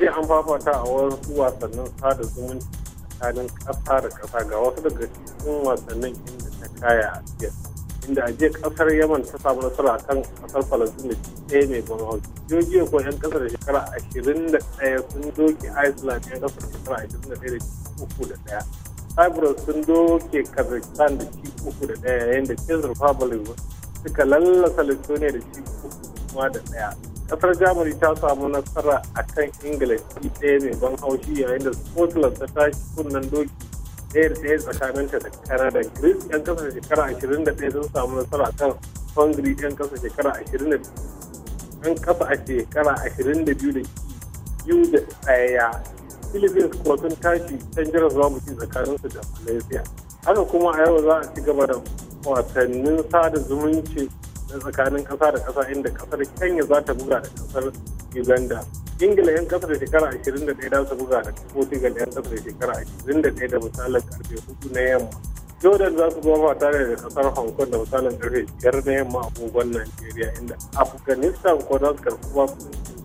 jiya an fafata a wasu wasannin sada zumunci tsakanin ƙasa da ƙasa ga wasu daga cikin wasannin inda ta kaya a jiya inda a jiya ƙasar yaman ta samu nasara kan ƙasar falastin da ɗaya mai ban hau jiya ko 'yan ƙasar shekara ashirin da ɗaya sun doke iceland 'yan ƙasar shekara ashirin da ɗaya da uku da ɗaya cyprus sun doke kazakhstan da ci uku da ɗaya yayin da czech republic suka lallasa lithuania da ci uku da ɗaya kasar germany ta samu nasara a kan ingila ci ɗaya mai ban haushi yayin da scotland ta tashi kunnen doki ɗaya da ɗaya tsakaninta da canada greece yan kasa shekara ashirin da ɗaya sun samu nasara a kan hungary yan kasa shekara ashirin da yan kasa a shekara ashirin da biyu da biyu da ɗaya philippines kuma sun tashi can jiran zuwa mutum tsakaninsu da malaysia haka kuma a yau za a ci gaba da watannin sada zumunci na tsakanin kasa da kasa inda ƙasar kenya za ta buga da ƙasar uganda ingila yan da shekara 21 za su buga da portugal yan da shekara 21 da misalin karfe 4 na yamma jordan za su goma tare da ƙasar hong kong da misalin karfe 5 na yamma agogon nigeria inda afghanistan ko za su karɓi wasu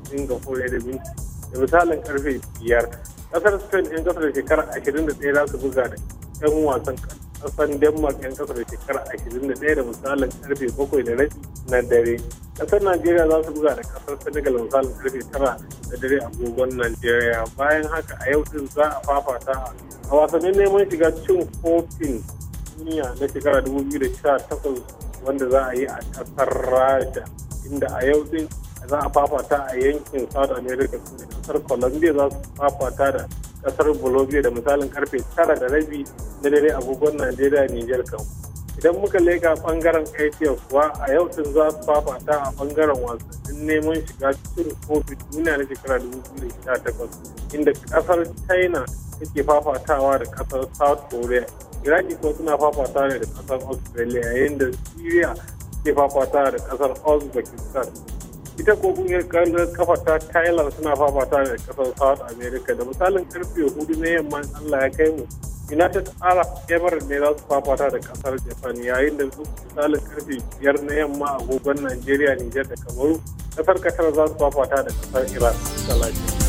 singapore da minti da misalin karfe 5 ƙasar spain yan da shekara 21 za su buga da 'yan wasan karfe kasan denmark yan kasa da shekara ashirin da daya da misalin karfe bakwai da rashi na dare kasar najeriya za su buga da kasar senegal misalin karfe tara da dare agogon najeriya bayan haka a yau din za a fafata a wasannin neman shiga cin kofin duniya na shekara 2018 wanda za a yi a kasar rasha inda a yau din za a fafata a yankin south america kasar colombia za su fafata da kasar bolivia da misalin karfe tara da rabi na dare agogon najeriya niger kan idan muka leka bangaren asia kuwa a yau sun za su fafata a bangaren wasannin neman shiga cikin covid duniya na shekara 2018 inda kasar china take fafatawa da kasar south korea iraki ko suna fafata ne da kasar australia yayin da syria ke fafata da kasar uzbekistan ita ko kungiyar kallon kafa ta thailand suna fafata da kasar south america da misalin karfe hudu na yamma allah ya kai mu united arab emirates ne za su ta da kasar japan yayin da su misalin karfe biyar na yamma agogon nigeria niger da kamaru kasar katar za su ta da kasar iran da